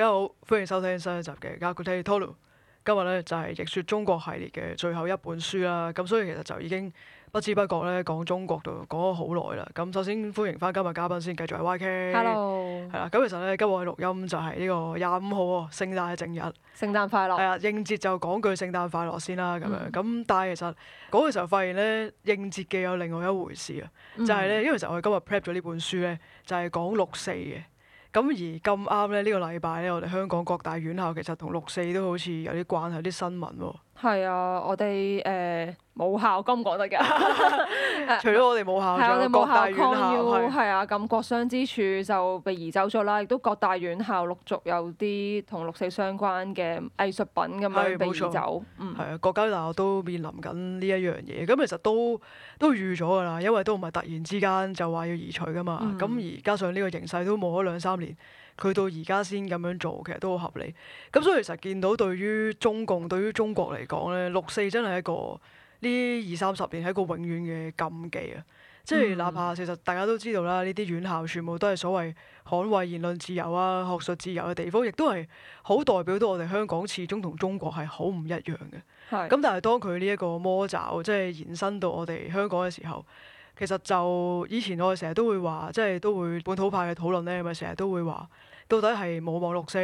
大家好，歡迎收聽新一集嘅《a r g e n t 今日咧就係《譯說中國》系列嘅最後一本書啦。咁所以其實就已經不知不覺咧講中國度講咗好耐啦。咁首先歡迎翻今日嘉賓先繼，繼續係 YK。h e l l 係啦，咁其實咧今日錄音就係呢個廿五號啊，聖誕正日。聖誕快樂。係啊，應節就講句聖誕快樂先啦，咁樣。咁、mm hmm. 但係其實嗰個時候發現咧，應節嘅有另外一回事啊，就係、是、咧，因為其實我哋今日 prep 咗呢本書咧，就係、是、講六四嘅。咁而咁啱咧，這個、禮呢個禮拜咧，我哋香港各大院校其實同六四都好似有啲關係，有啲新聞喎，哦。係啊，我哋誒冇校咁講得嘅，可可 除咗我哋冇校就各大院校係啊，咁國殤之柱就被移走咗啦，亦都各大院校陸續有啲同六四相關嘅藝術品咁樣被移走，嗯，係啊，國家大學都面臨緊呢一樣嘢，咁其實都都預咗㗎啦，因為都唔係突然之間就話要移除㗎嘛，咁、嗯、而加上呢個形勢都冇咗兩三年。佢到而家先咁樣做，其實都好合理。咁所以其實見到對於中共對於中國嚟講咧，六四真係一個呢二三十年係一個永遠嘅禁忌啊！嗯、即係哪怕其實大家都知道啦，呢啲院校全部都係所謂捍衞言論自由啊、學術自由嘅地方，亦都係好代表到我哋香港始終同中國係好唔一樣嘅。咁是但係當佢呢一個魔爪即係延伸到我哋香港嘅時候。其實就以前我哋成日都會話，即係都會本土派嘅討論咧，咪成日都會話，到底係毋忘六四、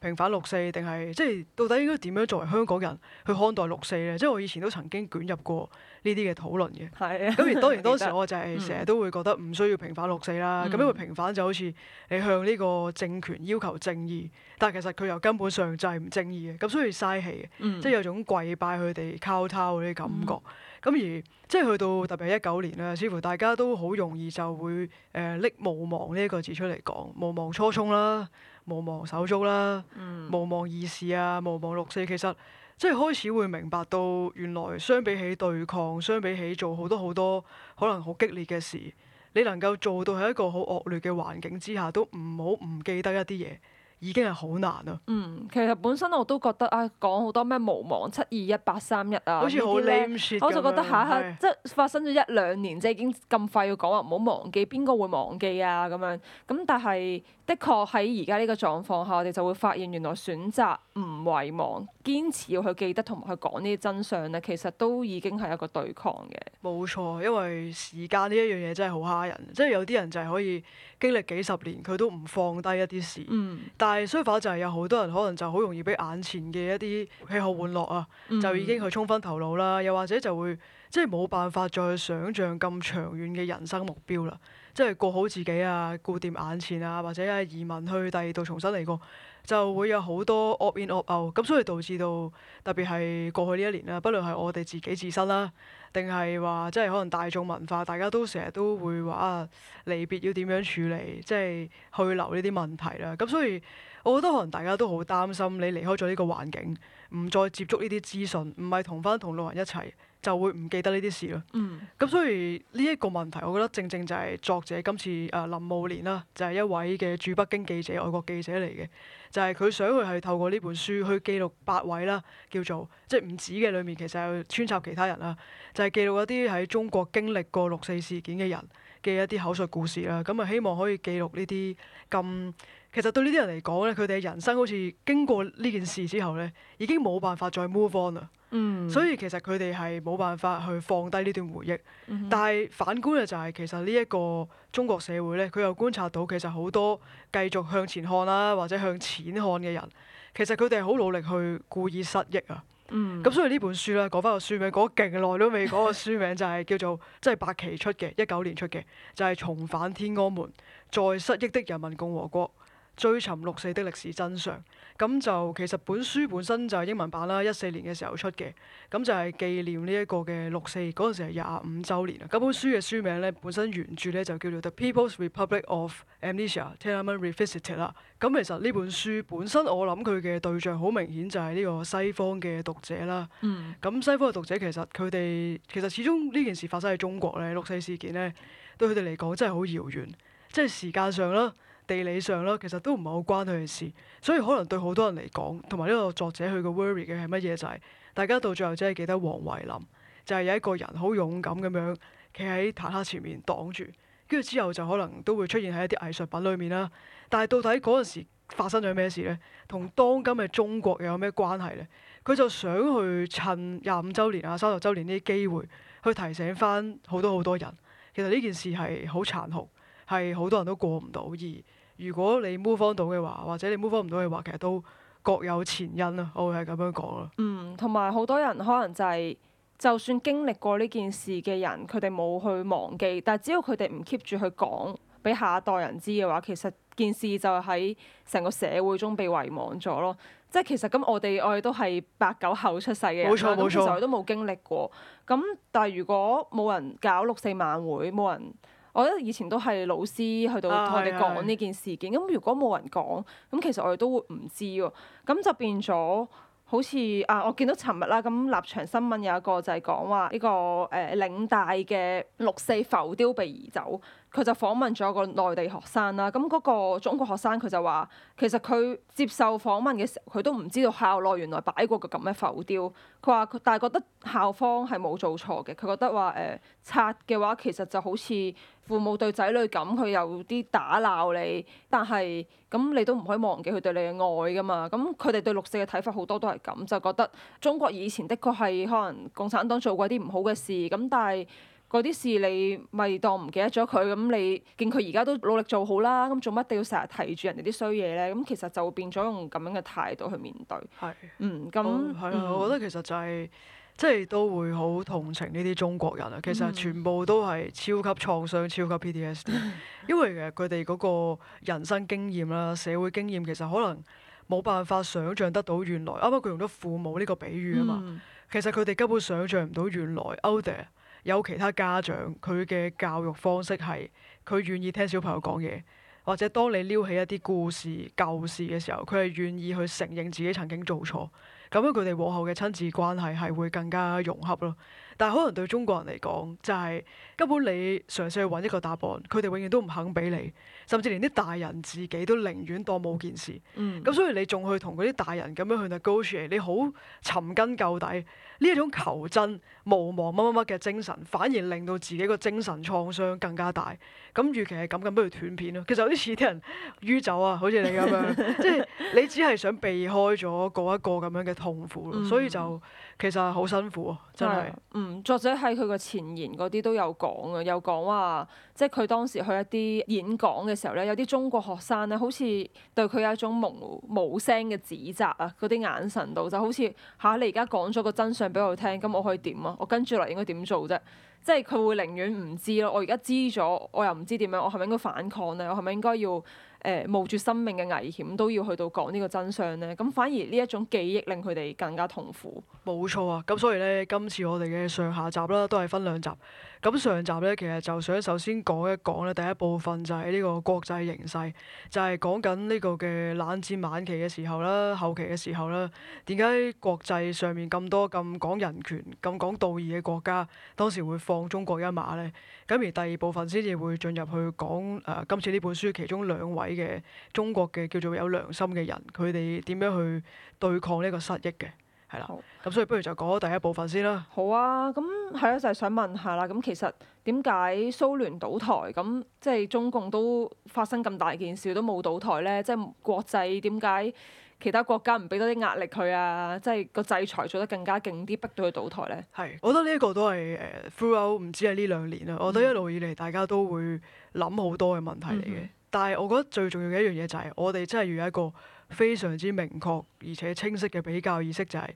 平反六四，定係即係到底應該點樣作為香港人去看待六四咧？即係我以前都曾經捲入過呢啲嘅討論嘅。咁、啊、而當然當時我就係成日都會覺得唔需要平反六四啦。咁、嗯、因為平反就好似你向呢個政權要求正義，但係其實佢又根本上就係唔正義嘅。咁所以嘥氣嘅，嗯、即係有種跪拜佢哋叩頭嗰啲感覺。嗯咁而即係去到特別係一九年啦，似乎大家都好容易就會誒拎無忘呢一個字出嚟講，無忘初衷啦，無忘手足啦，無忘、嗯、義士啊，無忘六四。其實即係開始會明白到，原來相比起對抗，相比起做好多好多可能好激烈嘅事，你能夠做到喺一個好惡劣嘅環境之下，都唔好唔記得一啲嘢。已經係好難咯。嗯，其實本身我都覺得啊，講好多咩無忘七二一八三一啊，呢啲咧，我就覺得嚇，的即係發生咗一兩年，即係已經咁快要講話唔好忘記，邊個會忘記啊？咁樣咁，但係的確喺而家呢個狀況下，我哋就會發現，原來選擇唔遺忘，堅持要去記得同埋去講呢啲真相咧，其實都已經係一個對抗嘅。冇錯，因為時間呢一樣嘢真係好嚇人，即係有啲人就係可以經歷幾十年，佢都唔放低一啲事。嗯。但係相反就係有好多人可能就好容易俾眼前嘅一啲起鬨玩樂啊，就已經去衝昏頭腦啦，又或者就會即係冇辦法再想像咁長遠嘅人生目標啦，即係過好自己啊，顧掂眼前啊，或者係移民去第二度重新嚟過，就會有好多惡言惡語咁，所以導致到特別係過去呢一年啦、啊，不論係我哋自己自身啦、啊。定係話，即係可能大眾文化，大家都成日都會話啊，離別要點樣處理，即係去留呢啲問題啦。咁所以，我覺得可能大家都好擔心你離開咗呢個環境，唔再接觸呢啲資訊，唔係同返同路人一齊。就會唔記得呢啲事咯。咁、嗯、所以呢一個問題，我覺得正正就係作者今次誒林慕蓮啦，就係、是、一位嘅駐北京記者、外國記者嚟嘅，就係、是、佢想去係透過呢本書去記錄八位啦，叫做即係唔止嘅，裡面其實係穿插其他人啦，就係、是、記錄一啲喺中國經歷過六四事件嘅人嘅一啲口述故事啦。咁啊，希望可以記錄呢啲咁，其實對呢啲人嚟講咧，佢哋嘅人生好似經過呢件事之後咧，已經冇辦法再 move on 啦。嗯，mm hmm. 所以其實佢哋係冇辦法去放低呢段回憶，mm hmm. 但係反觀嘅就係其實呢一個中國社會呢，佢又觀察到其實好多繼續向前看啦、啊，或者向錢看嘅人，其實佢哋好努力去故意失憶啊。咁、mm hmm. 所以呢本書呢，講翻個書名，講勁耐都未講個書名， 就係叫做即係八旗出嘅，一九年出嘅，就係、是《重返天安門：在失憶的人民共和國追尋六四的歷史真相》。咁就其實本書本身就係英文版啦，一四年嘅時候出嘅。咁就係紀念呢一個嘅六四嗰陣時係廿五周年啦。咁本書嘅書名咧本身原著咧就叫做《The People's Republic of Amnesia: Tiananmen Revisited》啦。咁其實呢本書本身我諗佢嘅對象好明顯就係呢個西方嘅讀者啦。嗯。咁西方嘅讀者其實佢哋其實始終呢件事發生喺中國咧，六四事件咧對佢哋嚟講真係好遙遠，即係時間上啦。地理上啦，其實都唔係好關佢嘅事，所以可能對好多人嚟講，同埋呢個作者佢嘅 worry 嘅係乜嘢就係，大家到最後真係記得王維林，就係有一個人好勇敢咁樣企喺坦克前面擋住，跟住之後就可能都會出現喺一啲藝術品裏面啦。但係到底嗰陣時發生咗咩事呢？同當今嘅中國又有咩關係呢？佢就想去趁廿五周年啊、三十周年呢啲機會，去提醒返好多好多人，其實呢件事係好殘酷，係好多人都過唔到而。如果你 move on 到嘅話，或者你 move on 唔到嘅話，其實都各有前因啦。我會係咁樣講啦。嗯，同埋好多人可能就係，就算經歷過呢件事嘅人，佢哋冇去忘記，但係只要佢哋唔 keep 住去講俾下一代人知嘅話，其實件事就喺成個社會中被遺忘咗咯。即係其實咁，我哋我哋都係八九後出世嘅，咁佢哋都冇經歷過。咁冇錯。但係如果冇人搞六四晚會，冇人。我覺得以前都係老師去到同我哋講呢件事件，咁、哦、如果冇人講，咁其實我哋都會唔知喎。咁就變咗好似啊，我見到尋日啦，咁立場新聞有一個就係講話呢個誒、呃、嶺大嘅六四浮雕被移走。佢就訪問咗個內地學生啦，咁嗰個中國學生佢就話：其實佢接受訪問嘅時候，佢都唔知道校內原來擺過個咁嘅浮雕。佢話：但係覺得校方係冇做錯嘅。佢覺得話誒拆嘅話，其實就好似父母對仔女咁，佢有啲打鬧你，但係咁你都唔可以忘記佢對你嘅愛㗎嘛。咁佢哋對六四嘅睇法好多都係咁，就覺得中國以前的確係可能共產黨做過啲唔好嘅事，咁但係。嗰啲事你咪當唔記得咗佢咁，你見佢而家都努力做好啦，咁做乜一定要成日提住人哋啲衰嘢咧？咁其實就變咗用咁樣嘅態度去面對，係，嗯，咁係啊，oh, yeah, 我覺得其實就係、是、即係都會好同情呢啲中國人啊。其實全部都係超級創傷、超級 P T S D，因為其實佢哋嗰個人生經驗啦、社會經驗其實可能冇辦法想像得到原來。啱啱佢用咗父母呢個比喻啊嘛，嗯、其實佢哋根本想像唔到原來歐弟。Out there, 有其他家長，佢嘅教育方式係佢願意聽小朋友講嘢，或者當你撩起一啲故事舊事嘅時候，佢係願意去承認自己曾經做錯，咁樣佢哋往後嘅親子關係係會更加融合咯。但係可能對中國人嚟講，就係、是。根本你嘗試去揾一個答案，佢哋永遠都唔肯俾你，甚至連啲大人自己都寧願當冇件事。咁、嗯、所以你仲去同嗰啲大人咁樣去 negotiate，你好尋根究底呢一種求真、無望乜乜乜嘅精神，反而令到自己個精神創傷更加大。咁與其係咁，咁不如斷片咯。其實好似啲人于走啊，好似你咁樣， 即係你只係想避開咗嗰一個咁樣嘅痛苦咯。嗯、所以就其實好辛苦啊，真係嗯、嗯，作者喺佢個前言嗰啲都有講啊，又講話，即係佢當時去一啲演講嘅時候咧，有啲中國學生咧，好似對佢有一種模糊無聲嘅指責啊，嗰啲眼神度就好似吓你而家講咗個真相俾我聽，咁我可以點啊？我跟住嚟，應該點做啫？即係佢會寧願唔知咯。我而家知咗，我又唔知點樣。我係咪應該反抗呢？我係咪應該要誒冒住生命嘅危險都要去到講呢個真相呢？咁反而呢一種記憶令佢哋更加痛苦。冇錯啊！咁所以咧，今次我哋嘅上下集啦，都係分兩集。咁上集咧，其實就想首先講一講咧，第一部分就係呢個國際形勢，就係、是、講緊呢個嘅冷戰晚期嘅時候啦、後期嘅時候啦，點解國際上面咁多咁講人權、咁講道義嘅國家，當時會放中國一馬咧？咁而第二部分先至會進入去講誒、呃、今次呢本書其中兩位嘅中國嘅叫做有良心嘅人，佢哋點樣去對抗呢個失憶嘅。係啦，咁好所以不如就講第一部分先啦。好啊，咁係啊，就係想問下啦。咁其實點解蘇聯倒台，咁即係中共都發生咁大件事都冇倒台咧？即係國際點解其他國家唔俾多啲壓力佢啊？即係個制裁做得更加勁啲，逼到佢倒台咧？係，我覺得呢一個都係誒，throughout 唔知係呢兩年啦。嗯、我覺得一路以嚟大家都會諗好多嘅問題嚟嘅。嗯、但係我覺得最重要嘅一樣嘢就係我哋真係要有一個。非常之明確而且清晰嘅比較意識就係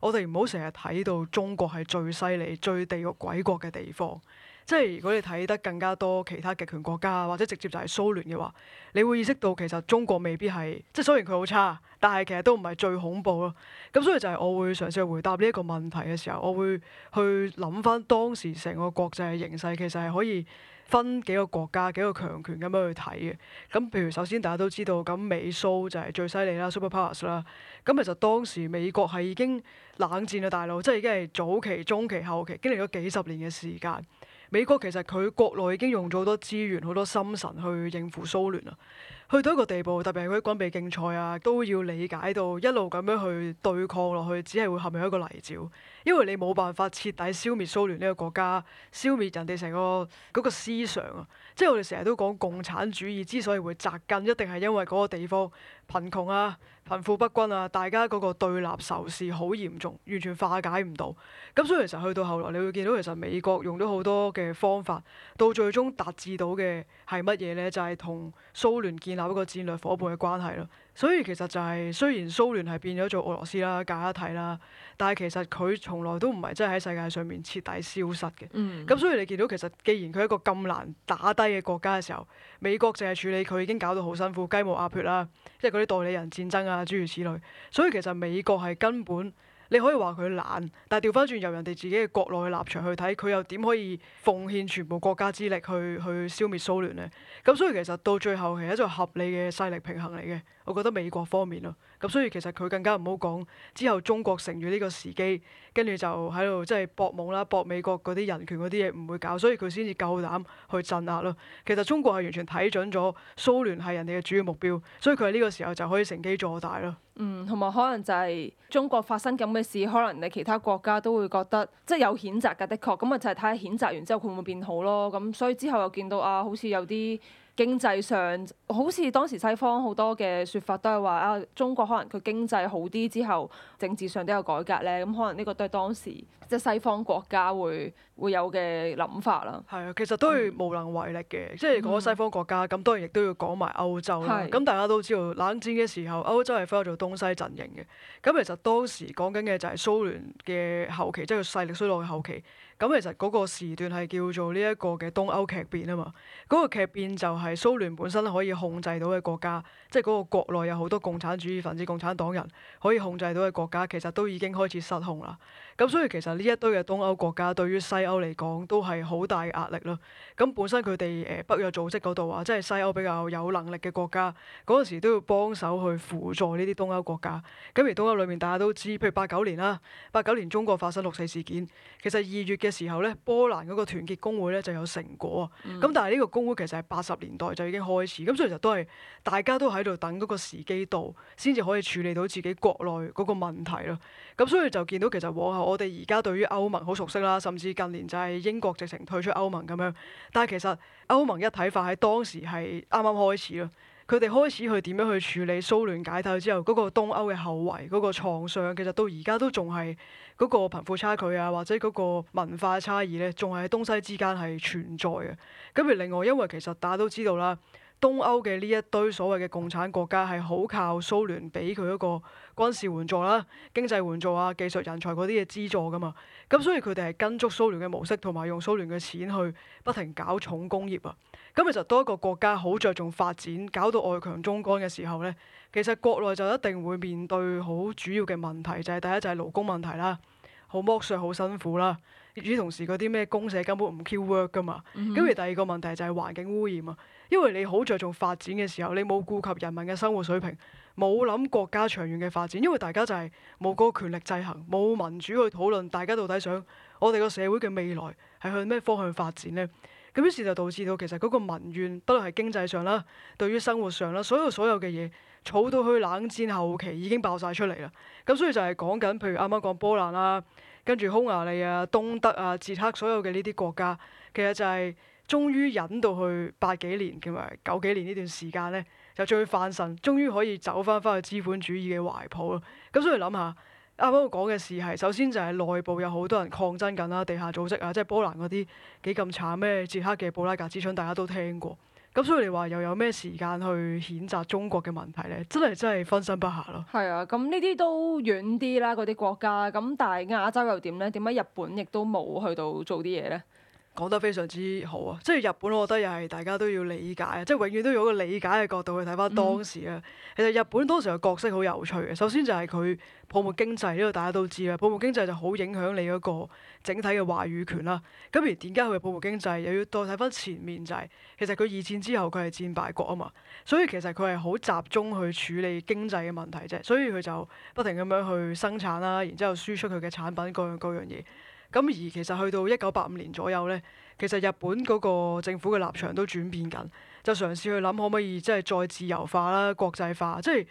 我哋唔好成日睇到中國係最犀利，最地獄鬼國嘅地方。即係如果你睇得更加多其他極權國家，或者直接就係蘇聯嘅話，你會意識到其實中國未必係即係雖然佢好差，但係其實都唔係最恐怖咯。咁所以就係我會嘗試去回答呢一個問題嘅時候，我會去諗翻當時成個國際嘅形勢其實係可以分幾個國家、幾個強權咁樣去睇嘅，咁譬如首先大家都知道，咁美蘇就係最犀利啦，Superpowers 啦，咁其實當時美國係已經冷戰咗，大佬，即係已經係早期、中期、後期，經歷咗幾十年嘅時間。美國其實佢國內已經用咗好多資源、好多心神去應付蘇聯啦，去到一個地步，特別係佢軍備競賽啊，都要理解到一路咁樣去對抗落去，只係會陷入一個泥沼，因為你冇辦法徹底消滅蘇聯呢個國家，消滅人哋成個嗰個思想啊。即係我哋成日都講共產主義之所以會扎根，一定係因為嗰個地方貧窮啊、貧富不均啊，大家嗰個對立仇視好嚴重，完全化解唔到。咁所以其實去到後來，你會見到其實美國用咗好多嘅方法，到最終達至到嘅係乜嘢咧？就係、是、同蘇聯建立一個戰略夥伴嘅關係咯。所以其實就係、是，雖然蘇聯係變咗做俄羅斯啦、假一體啦，但係其實佢從來都唔係真係喺世界上面徹底消失嘅。咁、嗯、所以你見到其實，既然佢一個咁難打低嘅國家嘅時候，美國淨係處理佢已經搞到好辛苦，雞毛壓殼啦，即係嗰啲代理人戰爭啊諸如此類。所以其實美國係根本你可以話佢懶，但係調返轉由人哋自己嘅國內嘅立場去睇，佢又點可以奉獻全部國家之力去去消滅蘇聯呢？咁所以其實到最後係一種合理嘅勢力平衡嚟嘅。我覺得美國方面咯，咁所以其實佢更加唔好講。之後中國乘住呢個時機，跟住就喺度即係搏懵啦，搏美國嗰啲人權嗰啲嘢唔會搞，所以佢先至夠膽去鎮壓咯。其實中國係完全睇準咗蘇聯係人哋嘅主要目標，所以佢喺呢個時候就可以乘機做大咯。嗯，同埋可能就係中國發生咁嘅事，可能你其他國家都會覺得即係、就是、有譴責㗎，的確。咁啊就係睇下譴責完之後佢會唔會變好咯。咁所以之後又見到啊，好似有啲。經濟上，好似當時西方好多嘅說法都係話啊，中國可能佢經濟好啲之後，政治上都有改革呢。咁、嗯、可能呢個都係當時即係西方國家會會有嘅諗法啦。係啊，其實都係無能為力嘅，即係講西方國家咁，嗯、當然亦都要講埋歐洲咁的大家都知道冷戰嘅時候，歐洲係分咗做東西陣營嘅。咁其實當時講緊嘅就係蘇聯嘅後期，即係佢勢力衰落嘅後期。咁其實嗰個時段係叫做呢一個嘅東歐劇變啊嘛，嗰個劇變就係蘇聯本身可以控制到嘅國家，即係嗰個國內有好多共產主義分子、共產黨人可以控制到嘅國家，其實都已經開始失控啦。咁所以其實呢一堆嘅東歐國家對於西歐嚟講都係好大壓力咯。咁本身佢哋誒，北約組織嗰度啊，即係西歐比較有能力嘅國家，嗰陣時都要幫手去輔助呢啲東歐國家。咁而東歐裏面大家都知，譬如八九年啦，八九年中國發生六四事件，其實二月嘅時候咧，波蘭嗰個團結工會咧就有成果啊。咁、嗯、但係呢個工會其實係八十年代就已經開始，咁所以其實都係大家都喺度等嗰個時機到，先至可以處理到自己國內嗰個問題咯。咁所以就見到其實往後。我哋而家對於歐盟好熟悉啦，甚至近年就係英國直情退出歐盟咁樣。但係其實歐盟一體化喺當時係啱啱開始咯。佢哋開始去點樣去處理蘇聯解體之後嗰個東歐嘅後遺嗰個創傷，其實到而家都仲係嗰個貧富差距啊，或者嗰個文化差異呢，仲係喺東西之間係存在嘅。咁而另外，因為其實大家都知道啦。東歐嘅呢一堆所謂嘅共產國家係好靠蘇聯俾佢一個軍事援助啦、經濟援助啊、技術人才嗰啲嘢資助噶嘛，咁所以佢哋係跟足蘇聯嘅模式，同埋用蘇聯嘅錢去不停搞重工業啊。咁其實當一個國家好着重發展，搞到外強中乾嘅時候呢，其實國內就一定會面對好主要嘅問題，就係第一就係勞工問題啦，好剝削、好辛苦啦。與同時嗰啲咩公社根本唔 k e work 噶嘛，咁、嗯、哼而第二個問題就係環境污染啊，因為你好着重發展嘅時候，你冇顧及人民嘅生活水平，冇諗國家長遠嘅發展，因為大家就係冇嗰個權力制衡，冇民主去討論大家到底想我哋個社會嘅未來係向咩方向發展呢。咁於是就導致到其實嗰個民怨，不論係經濟上啦，對於生活上啦，所有所有嘅嘢，儲到去冷戰後期已經爆晒出嚟啦，咁所以就係講緊，譬如啱啱講波蘭啦。跟住匈牙利啊、東德啊、捷克所有嘅呢啲國家，其實就係終於忍到去八幾年同埋九幾年呢段時間咧，就終於翻身，終於可以走翻翻去資本主義嘅懷抱咯。咁所以諗下，啱啱我講嘅事係，首先就係內部有好多人抗爭緊啦，地下組織啊，即係波蘭嗰啲幾咁慘咩？捷克嘅布拉格之春大家都聽過。咁所以你話又有咩時間去譴責中國嘅問題咧？真係真係分身不下咯。係啊，咁呢啲都遠啲啦，嗰啲國家。咁但係亞洲又點咧？點解日本亦都冇去到做啲嘢咧？講得非常之好啊！即係日本，我覺得又係大家都要理解，啊，即係永遠都有一個理解嘅角度去睇翻當時啊。嗯、其實日本當時嘅角色好有趣嘅。首先就係佢泡沫經濟呢個，大家都知啦。泡沫經濟就好影響你嗰個整體嘅話語權啦。咁而點解佢係泡沫經濟？又要到睇翻前面就係、係、其實佢二戰之後佢係戰敗國啊嘛，所以其實佢係好集中去處理經濟嘅問題啫。所以佢就不停咁樣去生產啦，然之後輸出佢嘅產品各樣各樣嘢。咁而其實去到一九八五年左右呢，其實日本嗰個政府嘅立場都轉變緊，就嘗試去諗可唔可以即係再自由化啦、國際化，即係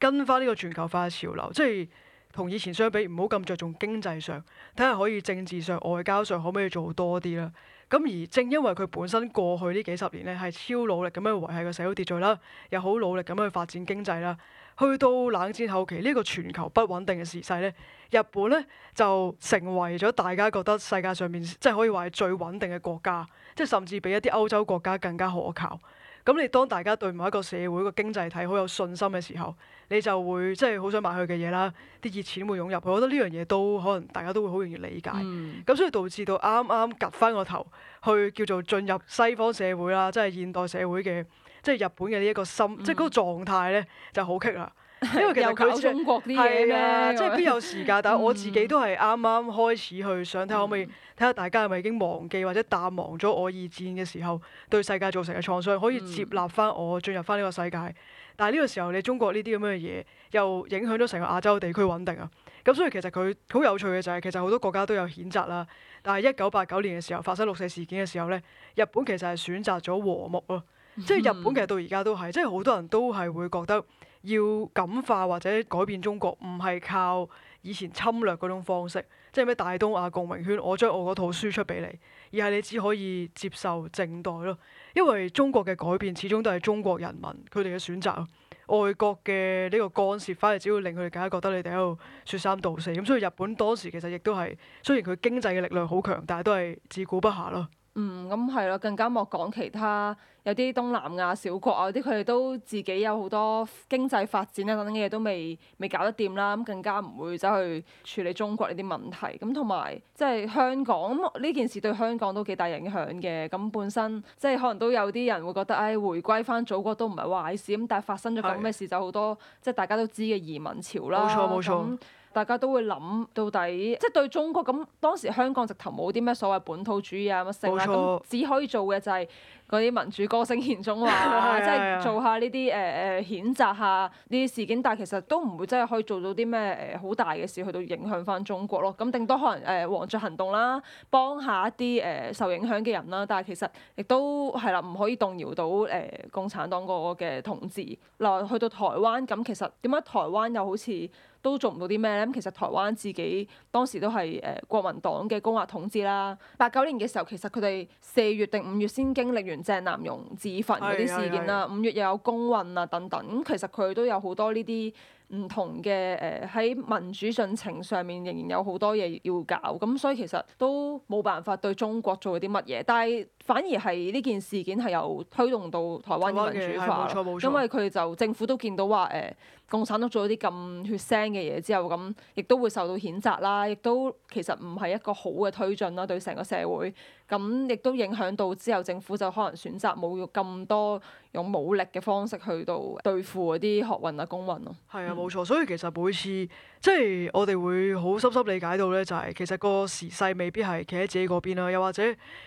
跟翻呢個全球化嘅潮流，即係同以前相比唔好咁着重經濟上，睇下可以政治上、外交上可唔可以做多啲啦。咁而正因為佢本身過去呢幾十年呢係超努力咁樣維繫個社會秩序啦，又好努力咁樣去發展經濟啦。去到冷戰後期呢，呢個全球不穩定嘅時勢呢，日本呢就成為咗大家覺得世界上面即係可以話係最穩定嘅國家，即係甚至比一啲歐洲國家更加可靠。咁你當大家對某一個社會個經濟體好有信心嘅時候，你就會即係好想買佢嘅嘢啦，啲熱錢會湧入去。我覺得呢樣嘢都可能大家都會好容易理解。咁、嗯、所以導致到啱啱趌翻個頭去叫做進入西方社會啦，即係現代社會嘅。即係日本嘅呢一個心，嗯、即係嗰個狀態咧，就好棘啦。因為其實佢中國呢係啊，即係邊有時間？嗯、但係我自己都係啱啱開始去想睇下可唔可以睇下、嗯、大家係咪已經忘記或者淡忘咗我二戰嘅時候對世界造成嘅創傷，可以接納翻我進入翻呢個世界。但係呢個時候，你中國呢啲咁樣嘅嘢，又影響咗成個亞洲地區穩定啊。咁所以其實佢好有趣嘅就係、是，其實好多國家都有譴責啦。但係一九八九年嘅時候發生六四事件嘅時候咧，日本其實係選擇咗和睦啊。即係日本其實到而家都係，即係好多人都係會覺得要感化或者改變中國唔係靠以前侵略嗰種方式，即係咩大東亞共榮圈，我將我嗰套輸出俾你，而係你只可以接受靜待咯。因為中國嘅改變始終都係中國人民佢哋嘅選擇，外國嘅呢個干涉反而只會令佢哋更加覺得你哋喺度說三道四。咁、嗯、所以日本當時其實亦都係雖然佢經濟嘅力量好強，但係都係自顧不暇咯。嗯，咁係咯，更加莫講其他。有啲東南亞小國啊，啲佢哋都自己有好多經濟發展啊等等嘅嘢都未未搞得掂啦，咁更加唔會走去處理中國呢啲問題。咁同埋即係香港，呢件事對香港都幾大影響嘅。咁本身即係可能都有啲人會覺得，唉，回歸翻祖國都唔係壞事。咁但係發生咗咁嘅事，是就好多即係大家都知嘅移民潮啦。冇錯，冇錯。大家都會諗到底，即係對中國咁當時香港直頭冇啲咩所謂本土主義啊乜剩啦，咁錯只可以做嘅就係。嗰啲民主歌聲獻中華，即係做下呢啲誒誒譴責下呢啲事件，但係其實都唔會真係可以做到啲咩誒好大嘅事去到影響返中國咯。咁頂多可能誒黃、呃、雀行動啦，幫一下一啲誒、呃、受影響嘅人啦。但係其實亦都係啦，唔可以動搖到誒、呃、共產黨嗰個嘅統治。嗱、呃，去到台灣咁，其實點解台灣又好似？都做唔到啲咩咧咁，其實台灣自己當時都係誒、呃、國民黨嘅高壓統治啦。八九年嘅時候，其實佢哋四月定五月先經歷完鄭南榕自焚嗰啲事件啦，五月又有公運啊等等。咁其實佢都有好多呢啲唔同嘅誒喺民主進程上面，仍然有好多嘢要搞。咁所以其實都冇辦法對中國做啲乜嘢，但係反而係呢件事件係有推動到台灣嘅民主化，因為佢就政府都見到話誒。呃共產黨做咗啲咁血腥嘅嘢之後，咁亦都會受到譴責啦，亦都其實唔係一個好嘅推進啦，對成個社會，咁亦都影響到之後政府就可能選擇冇咁多用武力嘅方式去到對付嗰啲學運啊、工運咯。係啊，冇錯。所以其實每次即係我哋會好深深理解到呢，就係其實個時勢未必係企喺自己嗰邊啦，又或者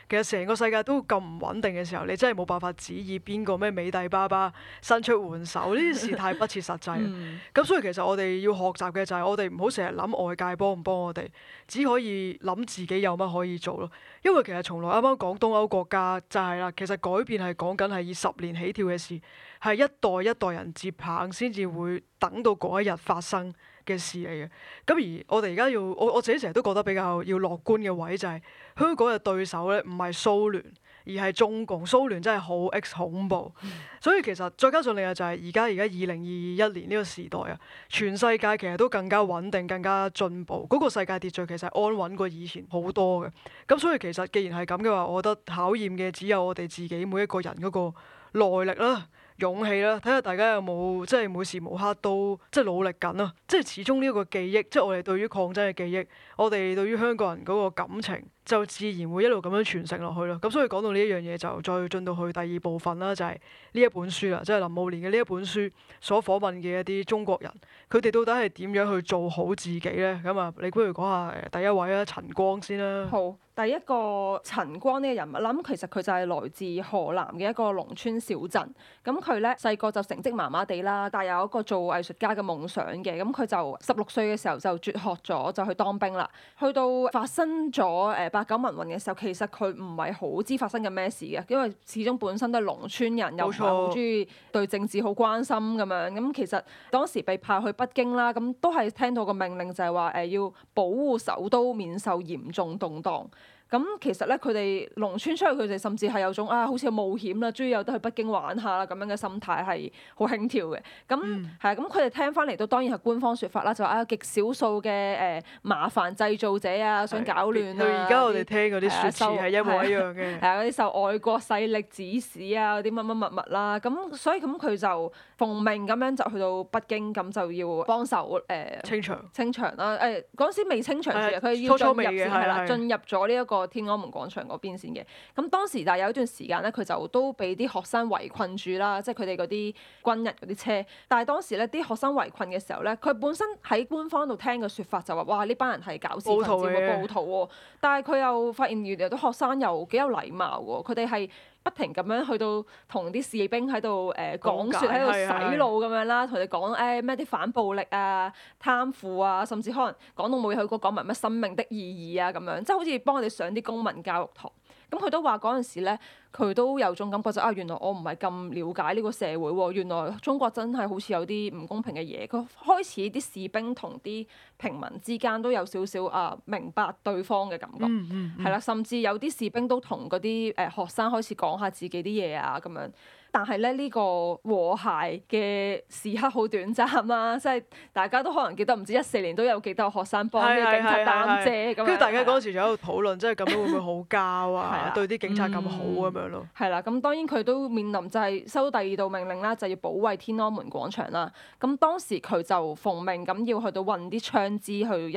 其實成個世界都咁唔穩定嘅時候，你真係冇辦法指意邊個咩美帝爸爸伸出援手，呢啲事太不切實際。 咁、嗯、所以其實我哋要學習嘅就係我哋唔好成日諗外界幫唔幫我哋，只可以諗自己有乜可以做咯。因為其實從來啱啱講東歐國家就係啦，其實改變係講緊係以十年起跳嘅事，係一代一代人接棒先至會等到嗰一日發生嘅事嚟嘅。咁而我哋而家要我我自己成日都覺得比較要樂觀嘅位就係香港嘅對手咧，唔係蘇聯。而係中共、蘇聯真係好 X 恐怖， 所以其實再加上另外就係而家而家二零二一年呢個時代啊，全世界其實都更加穩定、更加進步，嗰個世界秩序其實安穩過以前好多嘅。咁所以其實既然係咁嘅話，我覺得考驗嘅只有我哋自己每一個人嗰個耐力啦、勇氣啦，睇下大家有冇即係每時每刻都即係努力緊啦。即係始終呢一個記憶，即係我哋對於抗爭嘅記憶，我哋對於香港人嗰個感情，就自然會一路咁樣傳承落去咯。咁所以講到呢一樣嘢，就再進到去第二部分啦，就係呢一本書啦，即係林慕蓮嘅呢一本書所訪問嘅一啲中國人，佢哋到底係點樣去做好自己呢？咁啊，你不如講下第一位啦，陳光先啦。好，第一個陳光呢個人物，諗其實佢就係來自河南嘅一個農村小鎮。咁佢呢細個就成績麻麻地啦，但係有一個做藝術家嘅夢想嘅。咁佢就十六歲嘅時候就輟學咗，就去當兵啦。去到發生咗誒。八九民運嘅時候，其實佢唔係好知發生緊咩事嘅，因為始終本身都係農村人，又唔係好鍾意對政治好關心咁樣。咁其實當時被派去北京啦，咁都係聽到個命令，就係話誒要保護首都免受嚴重動盪。咁其實咧，佢哋農村出去，佢哋甚至係有種啊，好似冒險啦，終於有得去北京玩下啦，咁樣嘅心態係好輕佻嘅。咁係咁佢哋聽翻嚟都當然係官方説法啦，就話啊，極少數嘅誒麻煩製造者啊，想搞亂，而家我哋聽嗰啲説詞係一模一樣嘅。係啊，嗰啲受外國勢力指使啊，啲乜乜物物啦。咁所以咁佢就奉命咁樣就去到北京，咁就要幫手誒清場清場啦。誒嗰陣時未清場先，佢要進入先係啦，進入咗呢一個天安門廣場嗰邊先嘅，咁當時但有一段時間咧，佢就都俾啲學生圍困住啦，即係佢哋嗰啲軍人嗰啲車。但係當時咧，啲學生圍困嘅時候咧，佢本身喺官方度聽嘅說法就話：哇，呢班人係搞事分子，甚至乎暴徒啊。但係佢又發現，原來啲學生又幾有禮貌嘅，佢哋係。不停咁樣去到同啲士兵喺度誒講説說，喺度解洗腦咁樣啦，同你哋講咩啲反暴力啊、貪腐啊，甚至可能講到冇嘢去講，講埋乜生命的意義啊咁樣，即係好似幫我哋上啲公民教育堂。咁佢都話嗰陣時咧，佢都有種感覺就係、啊，原來我唔係咁了解呢個社會喎、哦，原來中國真係好似有啲唔公平嘅嘢。佢開始啲士兵同啲平民之間都有少少啊，明白對方嘅感覺，係啦、嗯嗯嗯，甚至有啲士兵都同嗰啲誒學生開始講下自己啲嘢啊，咁樣。但係咧，呢、這個和諧嘅時刻好短暫啦、啊，即係大家都可能記得唔知一四年都有幾多學生幫啲警察擔遮，跟住姐大家嗰時就喺度討論，即係咁樣會唔會好交啊？ 啊對啲警察咁好咁、嗯、樣咯。係啦、啊，咁當然佢都面臨就係收到第二道命令啦，就是、要保衛天安門廣場啦。咁當時佢就奉命咁要去到運啲槍支去入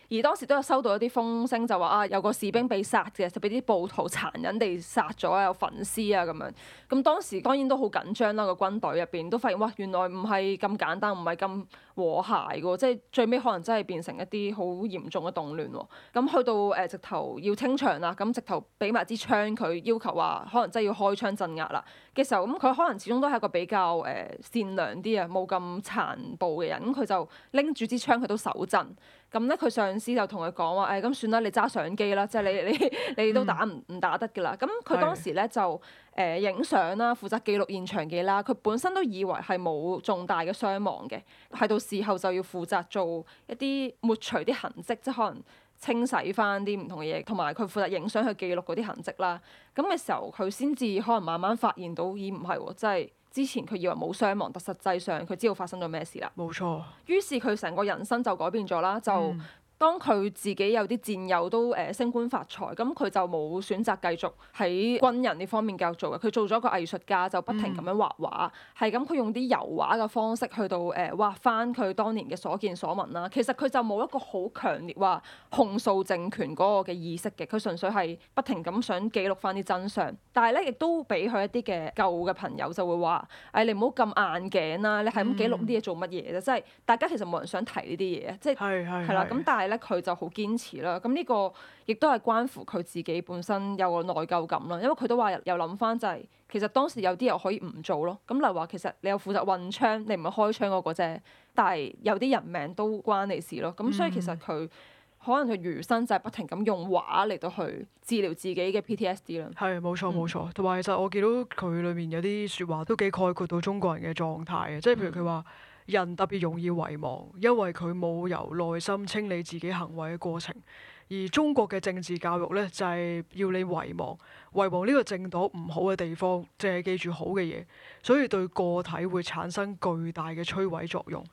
去，而當時都有收到一啲風聲就，就話啊有個士兵被殺嘅，就俾啲暴徒殘忍地殺咗，有分屍啊咁樣。咁當時，當時，當時都好緊張啦！個軍隊入邊都發現，哇，原來唔係咁簡單，唔係咁和諧嘅喎，即係最尾可能真係變成一啲好嚴重嘅動亂喎。咁去到誒、呃、直頭要清場啦，咁直頭俾埋支槍佢，要求話可能真係要開槍鎮壓啦嘅時候，咁佢可能始終都係一個比較誒、呃、善良啲啊，冇咁殘暴嘅人，咁佢就拎住支槍佢都手震。咁咧，佢上司就同佢講話：誒、哎，咁算啦，你揸相機啦，即係你你你，你都打唔唔、嗯、打得嘅啦。咁佢當時咧的就。誒影相啦，負責記錄現場嘅啦。佢本身都以為係冇重大嘅傷亡嘅，係到事後就要負責做一啲抹除啲痕跡，即係可能清洗翻啲唔同嘅嘢，同埋佢負責影相去記錄嗰啲痕跡啦。咁嘅時候，佢先至可能慢慢發現到，咦唔係喎，即係、哦就是、之前佢以為冇傷亡，但實際上佢知道發生咗咩事啦。冇錯。於是佢成個人生就改變咗啦，就、嗯。當佢自己有啲戰友都誒升官發財，咁佢就冇選擇繼續喺軍人呢方面繼續做嘅。佢做咗個藝術家，就不停咁樣畫畫，係咁佢用啲油畫嘅方式去到誒畫翻佢當年嘅所見所聞啦。其實佢就冇一個好強烈話控訴政權嗰個嘅意識嘅，佢純粹係不停咁想記錄翻啲真相。但係咧，亦都俾佢一啲嘅舊嘅朋友就會話：誒你唔好咁硬頸啦，你係咁記錄啲嘢做乜嘢咧？即係大家其實冇人想提呢啲嘢，即係係啦。咁但係。咧佢就好堅持啦，咁呢個亦都係關乎佢自己本身有個內疚感啦，因為佢都話又諗翻就係、是、其實當時有啲人又可以唔做咯，咁例如話其實你又負責運槍，你唔係開槍嗰個啫，但係有啲人命都關你事咯，咁所以其實佢、嗯、可能佢餘生就係不停咁用畫嚟到去治療自己嘅 PTSD 啦。係冇錯冇錯，同埋、嗯、其實我見到佢裡面有啲説話都幾概括到中國人嘅狀態嘅，即、就、係、是、譬如佢話。嗯人特別容易遺忘，因為佢冇由內心清理自己行為嘅過程。而中國嘅政治教育呢，就係要你遺忘，遺忘呢個政黨唔好嘅地方，淨係記住好嘅嘢，所以對個體會產生巨大嘅摧毀作用。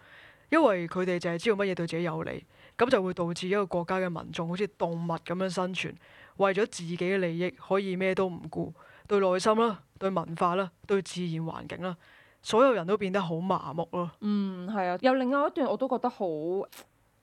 因為佢哋淨係知道乜嘢對自己有利，咁就會導致一個國家嘅民眾好似動物咁樣生存，為咗自己嘅利益可以咩都唔顧，對內心啦、對文化啦、對自然環境啦。所有人都變得好麻木咯。嗯，係啊，有另外一段我都覺得好，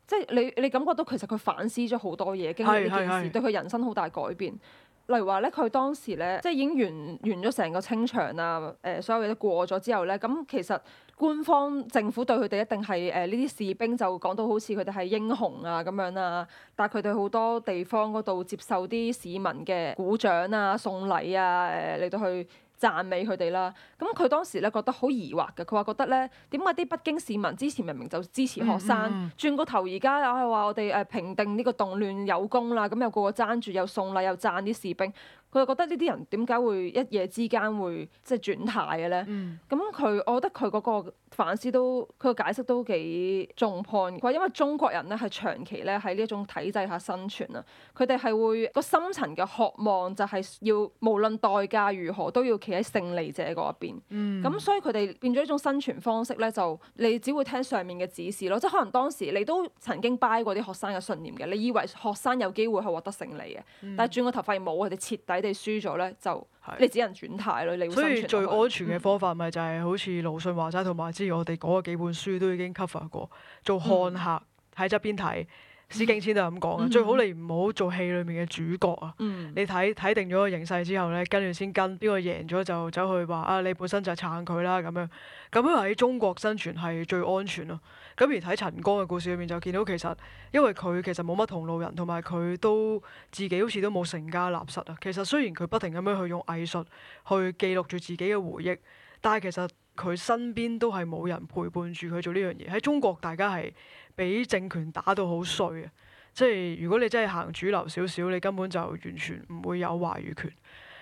即係你你感覺到其實佢反思咗好多嘢，經歷呢件事對佢人生好大改變，例如話咧，佢當時咧，即係已經完完咗成個清場啊，誒、呃、所有嘢都過咗之後咧，咁、嗯、其實官方政府對佢哋一定係誒呢啲士兵就講到好似佢哋係英雄啊咁樣啊，但係佢哋好多地方嗰度接受啲市民嘅鼓掌啊、送禮啊，誒、呃、嚟到去。讚美佢哋啦，咁佢當時咧，覺得好疑惑嘅，佢話覺得咧，點解啲北京市民之前明明就支持學生，嗯嗯、轉過頭而家又係話我哋誒平定呢個動亂有功啦，咁又個個爭住又送禮又贊啲士兵。佢就覺得呢啲人點解會一夜之間會即係轉態嘅咧？咁佢、嗯、我覺得佢嗰個反思都佢個解釋都幾重判嘅，因為中國人咧係長期咧喺呢一種體制下生存啊。佢哋係會個深層嘅渴望就係要無論代價如何都要企喺勝利者嗰一邊。咁、嗯、所以佢哋變咗一種生存方式咧，就你只會聽上面嘅指示咯。即係可能當時你都曾經 buy 過啲學生嘅信念嘅，你以為學生有機會去獲得勝利嘅，嗯、但係轉個頭發現冇，佢哋徹底。你哋輸咗咧，就你只能轉態咯。的你會所以最安全嘅方法咪就係、是嗯、好似魯迅話齋，同埋之前我哋講嘅幾本書都已經 cover 過，做看客喺側邊睇。嗯司敬、mm hmm. 先就係咁講啊，mm hmm. 最好你唔好做戲裏面嘅主角啊。Mm hmm. 你睇睇定咗個形勢之後咧，跟住先跟邊個贏咗就走去話啊，你本身就係撐佢啦咁樣。咁樣喺中國生存係最安全咯，啊。咁而睇陳光嘅故事裏面就見到其實因為佢其實冇乜同路人，同埋佢都自己好似都冇成家立室啊。其實雖然佢不停咁樣去用藝術去記錄住自己嘅回憶，但係其實佢身邊都係冇人陪伴住佢做呢樣嘢。喺中國大家係。俾政權打到好衰啊！即係如果你真係行主流少少，你根本就完全唔會有話語權。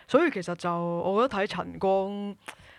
所以其實就我覺得睇陳光，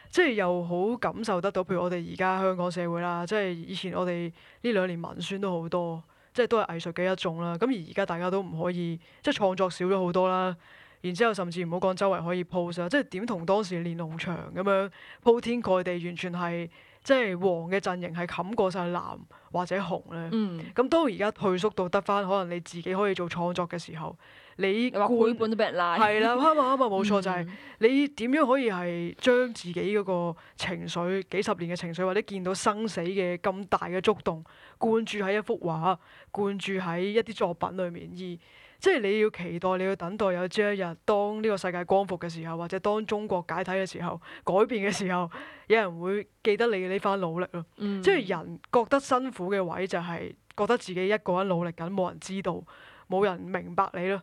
即係又好感受得到。譬如我哋而家香港社會啦，即係以前我哋呢兩年文宣都好多，即係都係藝術嘅一種啦。咁而而家大家都唔可以，即係創作少咗好多啦。然之後甚至唔好講周圍可以 post 啦，即係點同當時連儂牆咁樣鋪天蓋地，完全係。即係黃嘅陣營係冚過晒藍或者紅咧，咁、嗯、當而家退縮到得翻，可能你自己可以做創作嘅時候，你冠本都劈奶，係 啦，啱啊啱啊，冇錯就係、是、你點樣可以係將自己嗰個情緒幾十年嘅情緒，或者見到生死嘅咁大嘅觸動，灌注喺一幅畫，灌注喺一啲作品裏面而。即係你要期待，你要等待有朝一日，當呢個世界光復嘅時候，或者當中國解體嘅時候、改變嘅時候，有人會記得你嘅呢番努力咯。嗯、即係人覺得辛苦嘅位就係覺得自己一個人努力緊，冇人知道，冇人明白你咯。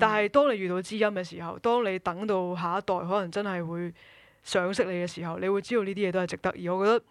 但係當你遇到知音嘅時候，當你等到下一代可能真係會賞識你嘅時候，你會知道呢啲嘢都係值得。而我覺得。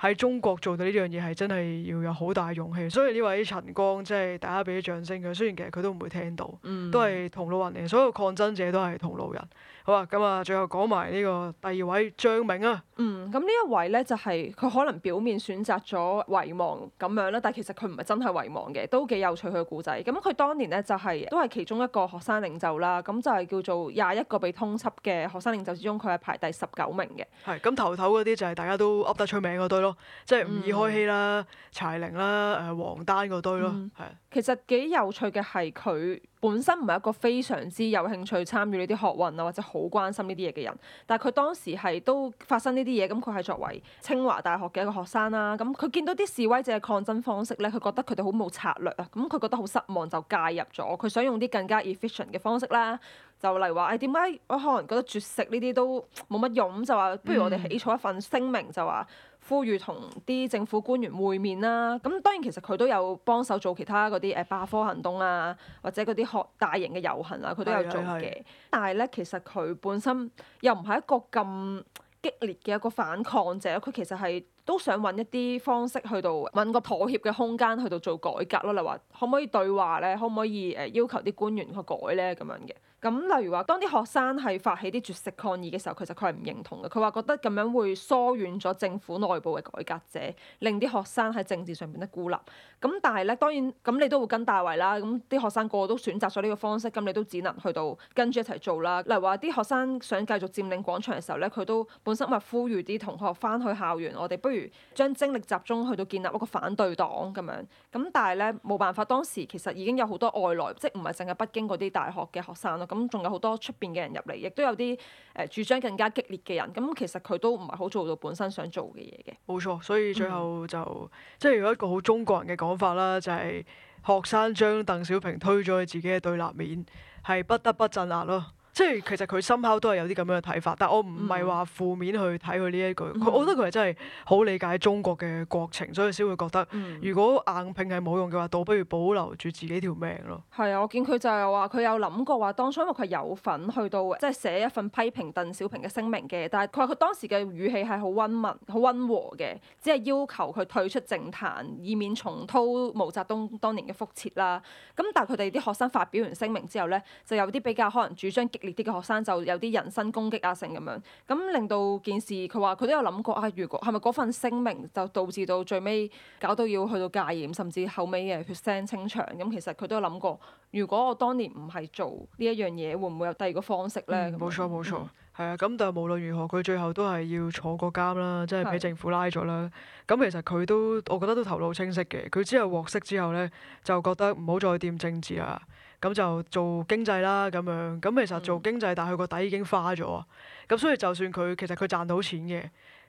喺中國做到呢樣嘢係真係要有好大勇氣，所以呢位陳光即係大家俾啲掌聲佢，雖然其實佢都唔會聽到，嗯、都係同路人嚟，所有抗爭者都係同路人。好啊，咁啊，最後講埋呢、這個第二位張明啊。嗯，咁呢一位咧就係、是、佢可能表面選擇咗遺忘咁樣啦，但其實佢唔係真係遺忘嘅，都幾有趣佢嘅故仔。咁佢當年咧就係、是、都係其中一個學生領袖啦，咁就係叫做廿一個被通緝嘅學生領袖之中，佢係排第十九名嘅。係，咁頭頭嗰啲就係大家都噏得出名嗰堆咯，即係吳意開希啦、柴玲啦、誒王丹嗰堆咯。係、嗯。是其實幾有趣嘅係，佢本身唔係一個非常之有興趣參與呢啲學運啊或者。好關心呢啲嘢嘅人，但係佢當時係都發生呢啲嘢，咁佢係作為清華大學嘅一個學生啦，咁佢見到啲示威者嘅抗爭方式咧，佢覺得佢哋好冇策略啊，咁佢覺得好失望就介入咗，佢想用啲更加 efficient 嘅方式啦，就例如話誒點解我可能覺得絕食呢啲都冇乜用，咁就話不如我哋起草一份聲明就話。呼籲同啲政府官員會面啦。咁當然其實佢都有幫手做其他嗰啲誒罷課行動啊，或者嗰啲學大型嘅遊行啊，佢都有做嘅。是是是但係咧，其實佢本身又唔係一個咁激烈嘅一個反抗者。佢其實係都想揾一啲方式去到揾個妥協嘅空間去到做改革咯。你、就、話、是、可唔可以對話咧？可唔可以誒要求啲官員去改咧咁樣嘅？咁例如話，當啲學生係發起啲絕食抗議嘅時候，其實佢係唔認同嘅。佢話覺得咁樣會疏遠咗政府內部嘅改革者，令啲學生喺政治上變得孤立。咁但係咧，當然咁你都會跟大圍啦。咁啲學生個個都選擇咗呢個方式，咁你都只能去到跟住一齊做啦。例如話啲學生想繼續佔領廣場嘅時候咧，佢都本身咪呼籲啲同學翻去校園，我哋不如將精力集中去到建立一個反對黨咁樣。咁但係咧，冇辦法，當時其實已經有好多外來，即唔係淨係北京嗰啲大學嘅學生咯。咁仲有好多出邊嘅人入嚟，亦都有啲誒主張更加激烈嘅人。咁其實，佢都唔係好做到本身想做嘅嘢嘅。冇錯。所以最後就、嗯、即係用一個好中國人嘅講法啦，就係、是、學生將鄧小平推咗去自己嘅對立面，係不得不鎮壓咯。即係其實佢心口都係有啲咁樣嘅睇法，但係我唔係話負面去睇佢呢一句。嗯、我覺得佢係真係好理解中國嘅國情，所以先會覺得、嗯、如果硬拼係冇用嘅話，倒不如保留住自己條命咯。係啊，我見佢就係話佢有諗過話當初，因為佢有份去到即係寫一份批評鄧小平嘅聲明嘅，但係佢話佢當時嘅語氣係好溫文、好溫和嘅，只係要求佢退出政壇，以免重蹈毛澤東當年嘅覆轍啦。咁但係佢哋啲學生發表完聲明之後咧，就有啲比較可能主張激啲嘅學生就有啲人身攻擊啊，性咁樣，咁令到件事，佢話佢都有諗過啊。如果係咪嗰份聲明就導致到最尾搞到要去到戒嚴，甚至後尾嘅血腥清場？咁其實佢都有諗過，如果我當年唔係做呢一樣嘢，會唔會有第二個方式呢？嗯，冇錯，嗯，冇錯，係啊。咁但係無論如何，佢最後都係要坐個監啦，即係俾政府拉咗啦。咁，係，其實佢都我覺得都頭腦清晰嘅。佢之後獲釋之後呢，就覺得唔好再掂政治啦。咁就做經濟啦，咁樣咁其實做經濟，但係佢個底已經花咗啊。咁所以就算佢其實佢賺到錢嘅，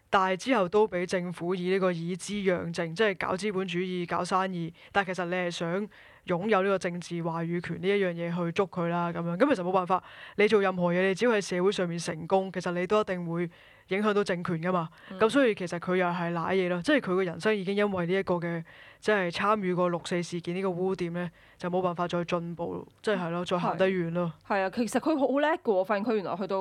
但係之後都俾政府以呢個以資養政，即係搞資本主義、搞生意，但係其實你係想擁有呢個政治話語權呢一樣嘢去捉佢啦，咁樣咁其實冇辦法，你做任何嘢，你只要喺社會上面成功，其實你都一定會。影響到政權㗎嘛？咁、嗯、所以其實佢又係瀨嘢咯，即係佢個人生已經因為呢一個嘅，即、就、係、是、參與過六四事件呢個污點咧，就冇辦法再進步咯，即係係咯，再行得遠咯。係啊，其實佢好叻嘅喎，我發現佢原來去到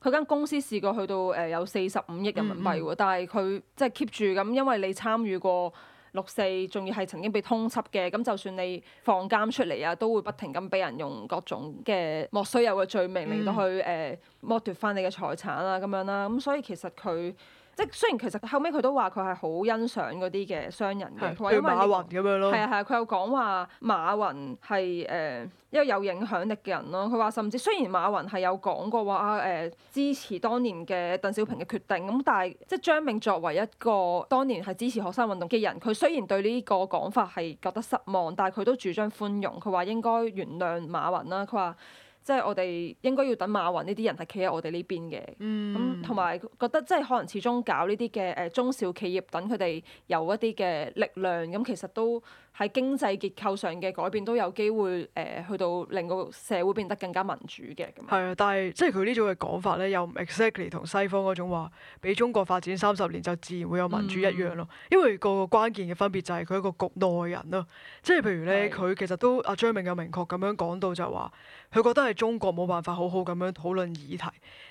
佢間公司試過去到誒有四十五億人民幣喎，嗯嗯，但係佢即係 keep 住咁，因為你參與過。六四仲要係曾經被通緝嘅，咁就算你放監出嚟啊，都會不停咁俾人用各種嘅莫須有嘅罪名嚟到去誒、嗯呃、剝奪翻你嘅財產啊咁樣啦，咁所以其實佢。即係雖然其實後尾佢都話佢係好欣賞嗰啲嘅商人嘅，佢話的因為馬雲咁樣咯，係啊係啊，佢有講話馬雲係誒一個有影響力嘅人咯。佢話甚至雖然馬雲係有講過話啊誒支持當年嘅鄧小平嘅決定，咁但係即係張明作為一個當年係支持學生運動嘅人，佢雖然對呢個講法係覺得失望，但係佢都主張寬容。佢話應該原諒馬雲啦。佢話。即係我哋應該要等馬雲呢啲人係企喺我哋呢邊嘅咁，同埋、嗯嗯、覺得即係、就是、可能始終搞呢啲嘅誒中小企業，等佢哋有一啲嘅力量咁，其實都喺經濟結構上嘅改變都有機會誒、呃，去到令到社會變得更加民主嘅咁。係啊，但係即係佢呢種嘅講法咧，又 exactly 同西方嗰種話俾中國發展三十年就自然會有民主一樣咯，嗯、因為個關鍵嘅分別就係佢一個局內人咯，即、就、係、是、譬如咧，佢是其實都阿、啊、張明有明確咁樣講到就話。佢覺得係中國冇辦法好好咁樣討論議題，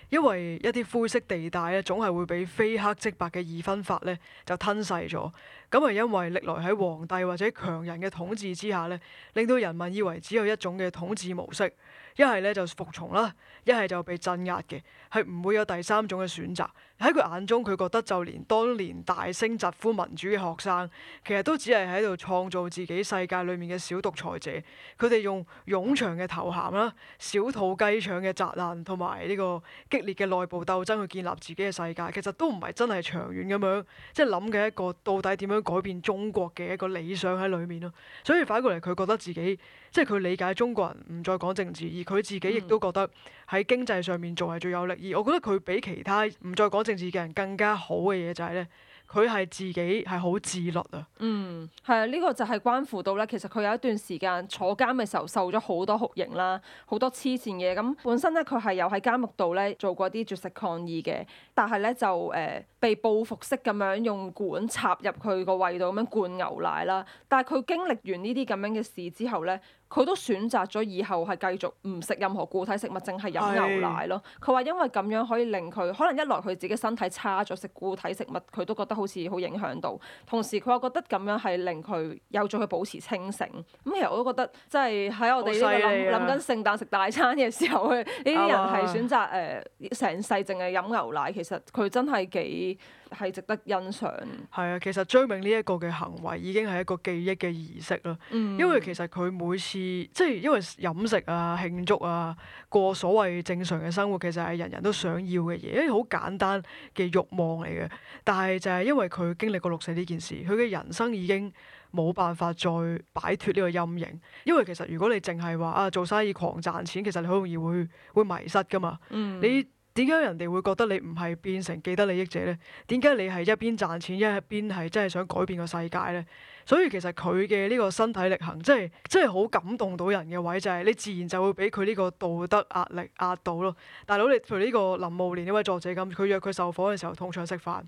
因為一啲灰色地帶咧，總係會俾非黑即白嘅二分法咧就吞噬咗。咁係因為歷來喺皇帝或者強人嘅統治之下咧，令到人民以為只有一種嘅統治模式，一係咧就服從啦，一係就被鎮壓嘅，係唔會有第三種嘅選擇。喺佢眼中，佢覺得就連當年大聲疾呼民主嘅學生，其實都只係喺度創造自己世界裏面嘅小獨裁者。佢哋用冗長嘅頭銜啦、小肚雞腸嘅責難同埋呢個激烈嘅內部鬥爭去建立自己嘅世界，其實都唔係真係長遠咁樣，即係諗嘅一個到底點樣改變中國嘅一個理想喺裏面咯。所以反過嚟，佢覺得自己即係佢理解中國人唔再講政治，而佢自己亦都覺得喺經濟上面仲係最有力。而我覺得佢比其他唔再講。政治嘅人更加好嘅嘢就係咧，佢係自己係好自律啊。嗯，係啊，呢個就係關乎到咧。其實佢有一段時間坐監嘅時候，受咗好多酷刑啦，好多黐線嘢。咁本身咧，佢係有喺監獄度咧做過啲絕食抗議嘅，但係咧就誒。呃被報復式咁樣用管插入佢個胃度咁樣灌牛奶啦，但係佢經歷完呢啲咁樣嘅事之後呢，佢都選擇咗以後係繼續唔食任何固體食物，淨係飲牛奶咯。佢話是因為咁樣可以令佢可能一來佢自己身體差咗，食固體食物佢都覺得好似好影響到。同時佢又覺得咁樣係令佢有助佢保持清醒。咁其實我都覺得即係喺我哋呢個諗諗緊聖誕食大餐嘅時候，呢啲人係選擇誒成，啊呃、世淨係飲牛奶，其實佢真係幾～係值得欣賞。係啊，其實張明呢一個嘅行為已經係一個記憶嘅儀式啦。嗯，因為其實佢每次即係因為飲食啊、慶祝啊、過所謂正常嘅生活，其實係人人都想要嘅嘢，因為好簡單嘅欲望嚟嘅。但係就係因為佢經歷過六四呢件事，佢嘅人生已經冇辦法再擺脫呢個陰影。因為其實如果你淨係話啊做生意狂賺錢，其實你好容易會會迷失噶嘛。嗯，你。點解人哋會覺得你唔係變成既得利益者呢？點解你係一邊賺錢，一邊係真係想改變個世界呢？所以其實佢嘅呢個身體力行，即係即係好感動到人嘅位就係、是，你自然就會俾佢呢個道德壓力壓到咯。大佬，你譬如呢個林慕蓮呢位作者咁，佢約佢受訪嘅時候，通常食飯，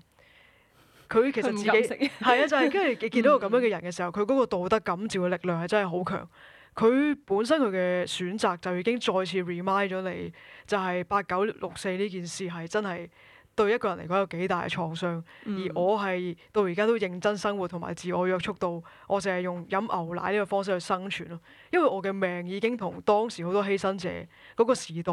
佢其實自己係啊，就係跟住見到個咁樣嘅人嘅時候，佢嗰個道德感召嘅力量係真係好強。佢本身佢嘅選擇就已經再次 remind 咗你，就係八九六四呢件事係真係對一個人嚟講有幾大嘅創傷。嗯、而我係到而家都認真生活同埋自我約束到，我成日用飲牛奶呢個方式去生存咯。因為我嘅命已經同當時好多犧牲者嗰個時代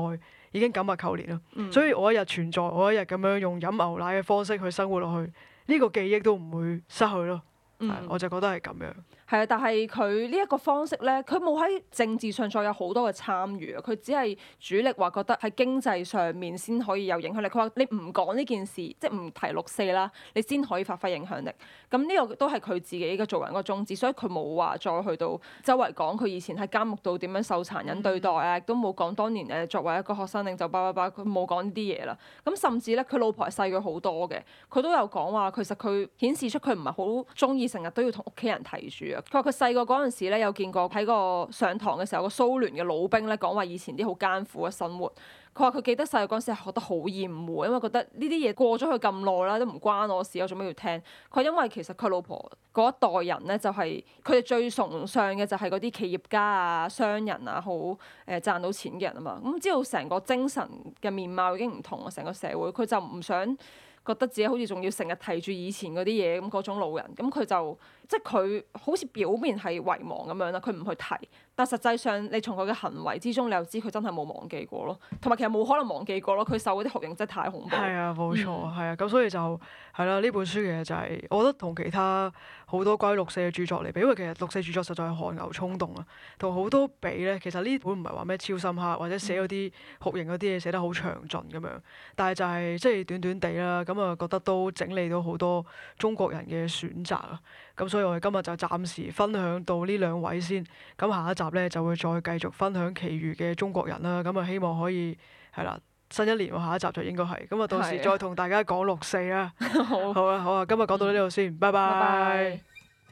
已經緊密扣連咯。嗯、所以我一日存在，我一日咁樣用飲牛奶嘅方式去生活落去，呢、呢個記憶都唔會失去咯。嗯、我就覺得係咁樣。係啊，但係佢呢一個方式咧，佢冇喺政治上再有好多嘅參與啊！佢只係主力話覺得喺經濟上面先可以有影響力。佢話你唔講呢件事，即係唔提六四啦，你先可以發揮影響力。咁呢個都係佢自己嘅做人個宗旨，所以佢冇話再去到周圍講佢以前喺監獄度點樣受殘忍對待啊，都冇講當年誒作為一個學生領袖巴巴巴。佢冇講呢啲嘢啦。咁甚至咧，佢老婆係細佢好多嘅，佢都有講話，其實佢顯示出佢唔係好中意成日都要同屋企人提住。佢話：佢細個嗰陣時咧，有見過喺個上堂嘅時候，個蘇聯嘅老兵咧，講話以前啲好艱苦嘅生活。佢話：佢記得細個嗰陣時係學得好厭惡，因為覺得呢啲嘢過咗去咁耐啦，都唔關我事，我做咩要聽？佢話因為其實佢老婆嗰一代人咧、就是，就係佢哋最崇尚嘅就係嗰啲企業家啊、商人啊，好誒賺到錢嘅人啊嘛。咁、嗯、知道成個精神嘅面貌已經唔同啦，成個社會佢就唔想覺得自己好似仲要成日提住以前嗰啲嘢咁嗰種老人，咁、嗯、佢就。即係佢好似表面係遺忘咁樣啦，佢唔去提，但實際上你從佢嘅行為之中，你又知佢真係冇忘記過咯。同埋其實冇可能忘記過咯。佢受嗰啲酷刑真係太恐怖。係啊，冇錯，係啊，咁所以就係啦。呢、啊、本書其實就係、是、我覺得同其他好多關於六四嘅著作嚟比，因為其實六四著作實在係汗牛充棟啊。同好多比咧，其實呢本唔係話咩超深刻，或者寫嗰啲酷刑嗰啲嘢寫得好詳盡咁樣，但係就係、是、即係短短地啦，咁啊覺得都整理到好多中國人嘅選擇啊。咁所以我哋今日就暫時分享到呢兩位先，咁下一集呢，就會再繼續分享其餘嘅中國人啦。咁啊希望可以係啦，新一年喎下一集就應該係。咁啊到時再同大家講六四啦。 好，好，好啊，好啊，今日講到呢度先，嗯、拜拜。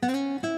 拜拜。